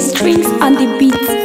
Strings on the beat.